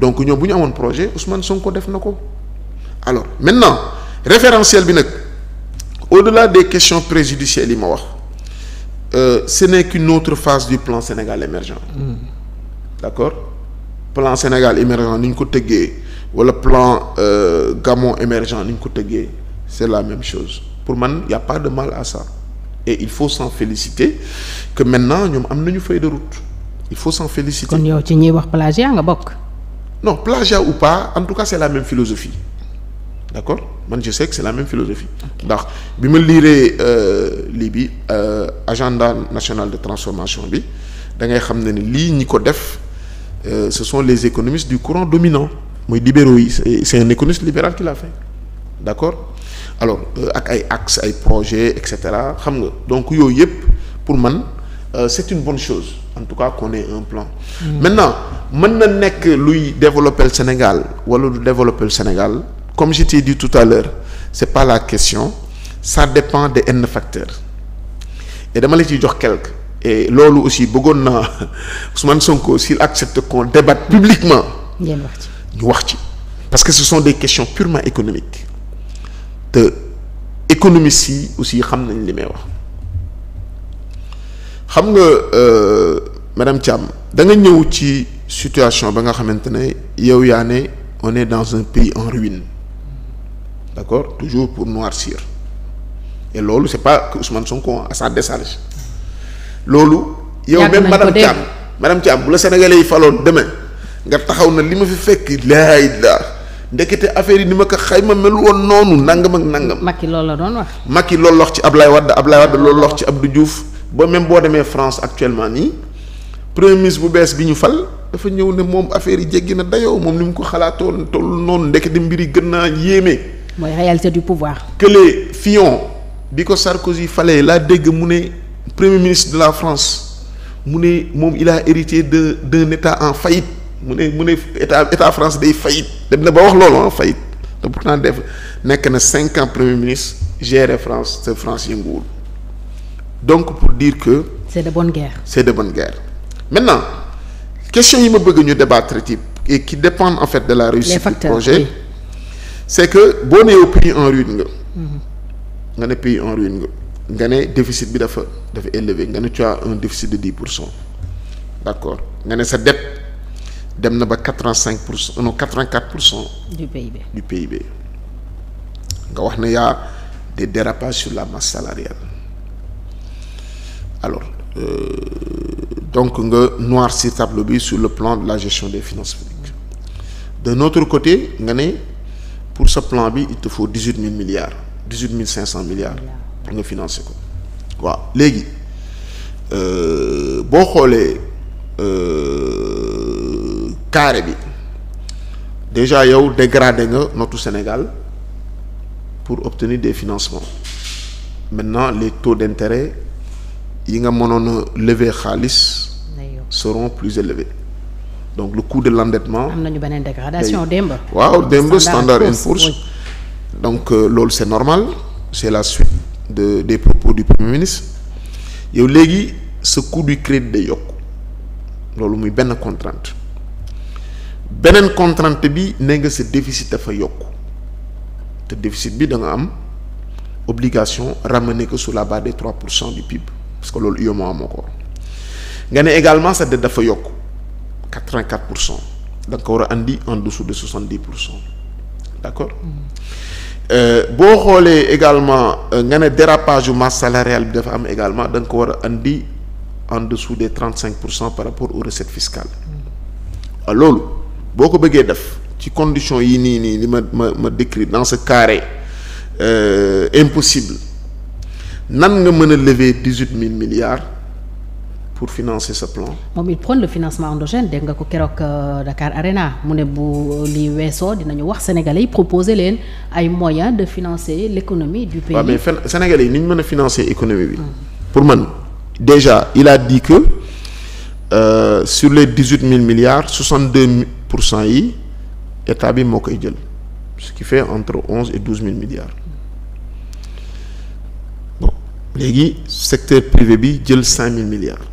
donc ñoom bu ñu amoon projet Ousmane ko def na ko alors maintenant référentiel bi nag au-delà des question préjudicielles yi ma wax euh, ce n'est qu'une autre phase du plan Sénégal émergent hmm. d'accord plan Sénégal émergent ni ñu ko tëggee wala plan euh, Gamon émergent ni ñu ko tëggee c'est la même chose pour man y a pas de mal à et il faut s'en féliciter que maintenant ñoom am nañu feuille de route il faut s'en féliciter. kon yow ci ñuy wax plagiat nga bokk. non plagiat ou pas en tout cas c'est la même philosophie d'accord man je sais que c'est la même philosophie ndax bi ma liiree euh, lii bi euh, agenda national de transformation bi da ngay xam ne ne lii ñi ko def euh, ce sont les économistes du courant dominant mooy libéraux yi c'est un économiste libéral qui l'a fait d'accord alors ak ay axes ay projets et cetera xam nga donc yooyu yëpp pour man c'est une bonne chose en tout cas qu'on un plan mm. maintenant mën na nekk luy développer Sénégal wala lu développer Sénégal comme je t'ai dit tout à l'heure c'est pas la question ça dépend de n facteurs dama la ciy jox quelque et loolu aussi bëggoon na naa Ousmane Sonko s'il accepte qu'on débatte publiquement ñu wax ci parce que ce son des questions purement économiques te économistes si aussi xam nañ li may wax xam nga euh, madame Thiam da nga ñëw ci situation ba nga xamante ne yow yaa ne on dans un pays en ruine d'accord toujours pour noircir et loolu c'est pas que Ousmane Sonko à sa décharge loolu yow même madame Thiam madame Thiam bu la sénégalais yi faloon demain nga taxaw na li ma fi fekk laay la ndekete affaire yi ni ma ko xayma mel woon noonu nangam ak nangam. Macky loolu la doon wax. Macky loolu la wax ci Ablaye Wade Ablaye Wade loolu la wax ci Abdou Diouf ba même boo demee France actuellement nii premier ministre bu bees bi ñu fal. dafa ñëw ne moom affaire yi jéggi na dayoo moom ni mu ko xalaatoon toll noonu ndekete di yi gën naa yéeme. mooy réalité du pouvoir. Kële Fillon bi ko Sarkozy falee laa dégg mu ne premier ministre de la France mu ne moom il a hérité de d'un état en faillite mu ne mu ne état état France day faillite dem na ba wax loolu ah faillite pour naa def nekk na cinq ans premier ministre gérer France te France yënguwul donc pour dire que. c'est de bonne guerre. c'est de bonne guerre maintenant. question yi ma bëgg ñu débattre ci et qui dépendent en fait de la réussite du projet c'est que boo nee pays en ruine nga mm-hmm. nga ne pays en ruine nga nga ne déficit bi dafa dafa élevé nga ne tu as de dix pour cent d'accord nga ne sa dette dem na ba quatre cinq pour cent non quatre-vingt-quatre pour cent du PIB du nga wax ne y'a des dérapages sur la masse salariale alors euh, donc nga noircir tableau bi sur le plan de la gestion des finances publiques d'un autre côté nga ne pour ce plan bi il te faut dix huit mille milliards dix huit mille cinq cent milliards pour nga financer ko waaw léegi euh, boo xoolee euh, carré bi déjà yow dégradé nga notu Sénégal pour obtenir des financements maintenant les taux d'intérêt yi nga mënoon a lever xaalis seront plus élevés donc le coût de l'endettement am nañu beneen dégradation démb waaw démb standard and Poor's oui. donc euh, loolu c'est normal c'est la suite de des propos du premier ministre yow léegi sa coût du crédit day yokk loolu muy benn contrainte beneen contrainte bi ne nga sa déficit dafa yokk te déficit bi da am obligation ramener ko sous la barre des 3 pour cent du PIB parce que loolu UEMOA moo ko nga ne également sa dette dafa yokk quatre vingt quatre pour cent ko war a andi en dessous de soixante dix pour cent d' accord mm. euh, boo xoolee également euh, nga ne dérapage yu masse salariale bi dafa am également da nga ko war a andi en dessous des trente cinq pour cent par rapport aux recettes fiscales mm. waaw loolu boo ko bëggee def ci condition yi nii nii li ma ma ma décrit dans ce carré euh, impossible nan nga mën a lever dix huit mille milliards. pour financer ce plan. moom il prône le financement endogène dégg nga ko keroog euh, Dakar Arena mu ne bu li weesoo ñu wax sénégalais yi proposer leen ay moyens de financer l'économie du pays. waaw yi ni ñu mën a financer économie bi. Hmm. pour man déjà il a dit que euh, sur les dix mille milliards soixante deux pour cent yi état bi moo koy jël ce qui fait entre onze et douze mille milliards. léegi secteur privé bi jël cinq mille milliards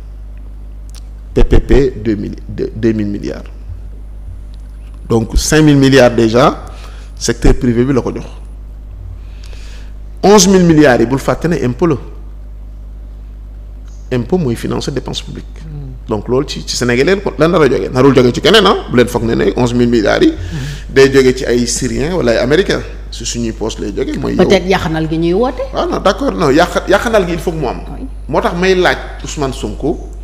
TPP deux mille deux mille milliards donc cinq mille milliards déjà secteur privé bi la ko jox onze mille milliards yi bul fàtte ne impôt la impôt mooy financer dépense publique hmm. donc loolu ci ci Sénégalais lan nar a jógee narul jógee ci keneen ah bu leen foog ne ne onze mille milliards yi. Hmm. day jógee ci ay Syriens wala américain Américains su suñuy poste lay jógee. mooy yow peut-être yàqanal gi ñuy woote. waaw ah non d'accord non yàq yàqanal gi il mu am. moo tax may laaj Ousmane Sonko.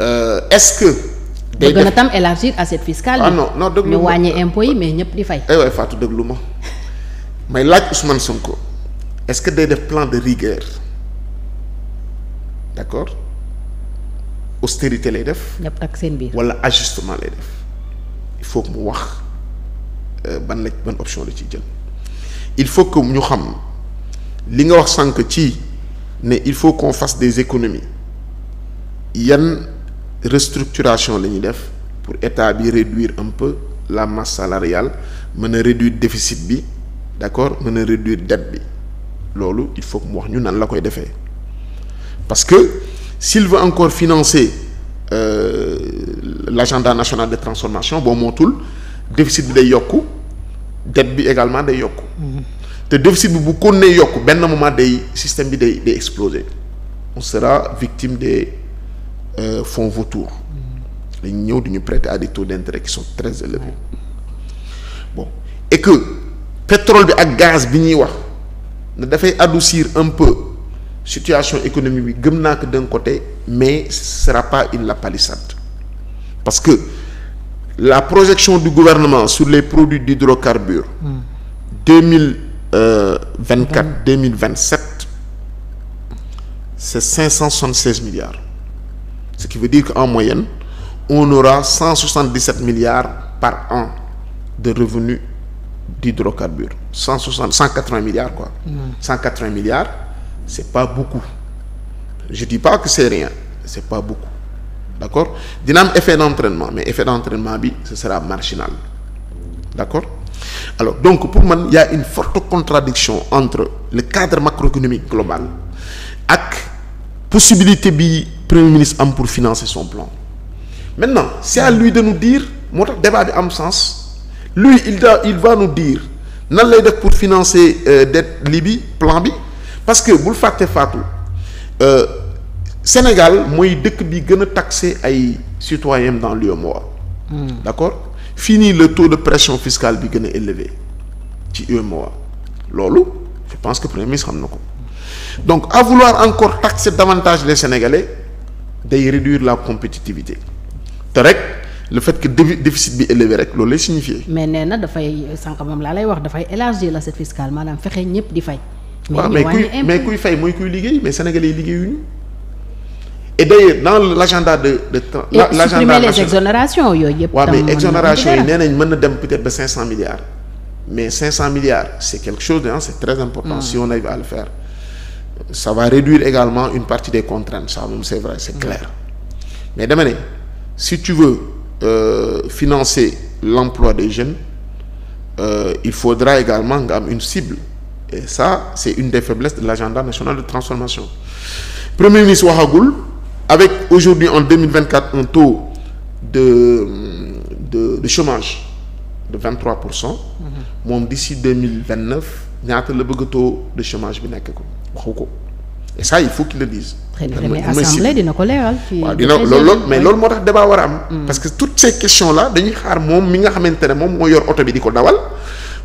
euh, est-ce que. day def na tam élargir assiette fiscale. ah non non déglu ma ñu wàññi yi mais ñëpp di fay. eh waay Fatou déglu ma may laaj Ousmane Sonko est-ce que day def plan de rigueur d'accord austérité lay def. ñëpp wala ajustement lay def il faut que mu wax euh, ban la ban option la ciy jël il faut que ñu xam li nga wax sànq ci ne il faut qu'on fasse des économies yan. restructuration la ñuy def pour état bi réduire un peu la masse salariale mën a réduire déficit bi d'accord mën a réduire dette bi loolu il faut mu wax ñu nan la koy defee parce que s'il encore financer euh, l'agenda national de transformation boo mootul déficit bi day yokku dette bi également day yokku mm-hmm. te déficit bi bu kon yokk yokku benn moment day système bi day day exploser on sera victime des Euh, fonds vautour dañ ñëw di ñu prêter à des taux d'intérêt qui sont très élevés bon et que pétrole bi ak gaz bi ñuy wax ne dafay adoucir un peu situation économie bi gëm naa ko d'un côté mais ce sera pas une la palissade parce que la projection du gouvernement sur les produits d'hydrocarbures deux mille euh, vingt quatre deux mille vingt sept c'est cinq cent soixante seize milliards ce qui veut dire qu'en moyenne on aura 177 milliards par an de revenus d'hydrocarbures 160 180 milliards quoi mmh. 180 milliards c'est pas beaucoup je dis pas que c'est rien c'est pas beaucoup d'accord dina am effet d'entraînement mais effet d'entraînement bi ce sera marginal d'accord alors donc pour man y a une forte contradiction entre le cadre macroéconomique global ak possibilité bi premier ministre am pour financer son plan maintenant c'est à lui de nous dire moo tax débat bi am sens lui il da il va nous dire nan lay def pour financer euh, dette lii bi plan bi parce que bul fàtte fàttu euh, Sénégal mooy dëkk bi gën a taxé ay citoyens dans l'UEMOA hmm. d'accord fii nii le taux de pression fiscale bi gën a élevé ci UEMOA loolu je pense que premier ministre xam na ko donc à vouloir encore taxer davantage les Sénégalais day réduire la compétitivité te rek le fait que déficit bi élevé rek loolu lay signifier. mais nee na dafay sànq moom laa lay wax dafay la l'assiette fiscale maanaam fexe ñëpp di fay. mais mais kuy mais kuy fay mooy kuy liggéey mais sénégalais yi liggéeyuñu. et d'ailleurs dans l'agenda de de. la l' agenda supprimer yooyu yëpp. tam mais exonération yi nee mën na dem peut-être ba 500 milliards. mais 500 milliards c'est quelque chose de c'est très important. Hmm. si on arrive à ça va réduire également une partie des contraintes ça moom c'est vrai c'est mm. clair mais dama ne si tu veux euh, financer l'emploi des jeunes euh, il faudra également nga am une cible et ça c'est une des faiblesses de l'agenda national de transformation premier ministre waxagul avec aujourd'hui en 2024 un taux de de de chômage de 23 pour cent mm-hmm. moom d'ici 2029 ñaata la bëgg taux de chômage bi nekk ko waxu ko et ça il faut qu'il le dise. très bien mais assemblée dina ko leeral. fii waaw dina loolu mais loolu moo tax débat war a am. Mm. parce que toutes ces questions là dañuy xaar moom mi nga xamante ne moom moo yor oto bi di ko dawal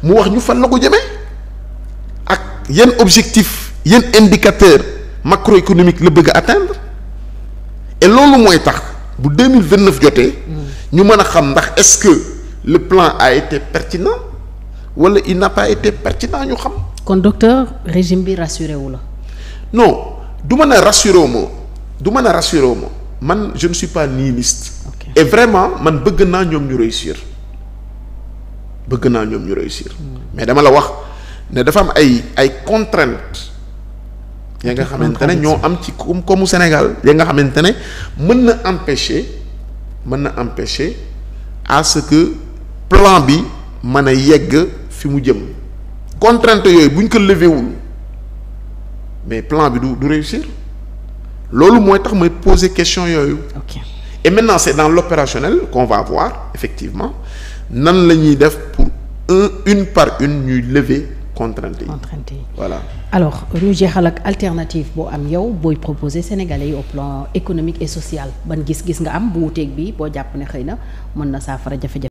mu wax ñu fan la ko jëmee ak yan objectif yan indicateur macroéconomique la bëgg a atteindre et loolu mooy tax bu deux mille vingt neuf jotee. Mm. ñu mën a xam ndax est-ce que le plan a été pertinent wala il n'a a été pertinent ñu xam. kon docteur régime bi rassuré wu la. non du mën a rassuré wu ma du mën a rassuré wu ma man je ne suis pas nihiliste. Okay. et vraiment man bëgg naa ñoom ñu réussir bëgg naa ñoom ñu réussir. Hmm. mais dama la wax ne dafa am ay ay contraintes. ya nga xamante ne ñoo am ci comme comme Sénégal ya nga xamante ne mën na empêcher mën na empêcher à que plan bi mën a yegg fi mu jëm. contrainte yooyu bu ñu ko levé wul mais plan bi du du réussir loolu mooy tax may poser question yooyu. ok et maintenant c'est dans l'opérationnel qu'on va voir effectivement nan la ñuy def pour un une par une ñuy lever contrainte yi. contrainte yi voilà. alors ñu jeexal ak alternative boo am yow booy proposer sénégalais yi au plan économique et social ban gis-gis nga am bu wuteeg bi boo jàpp ne xëy na mën na saafara jafe-jafe.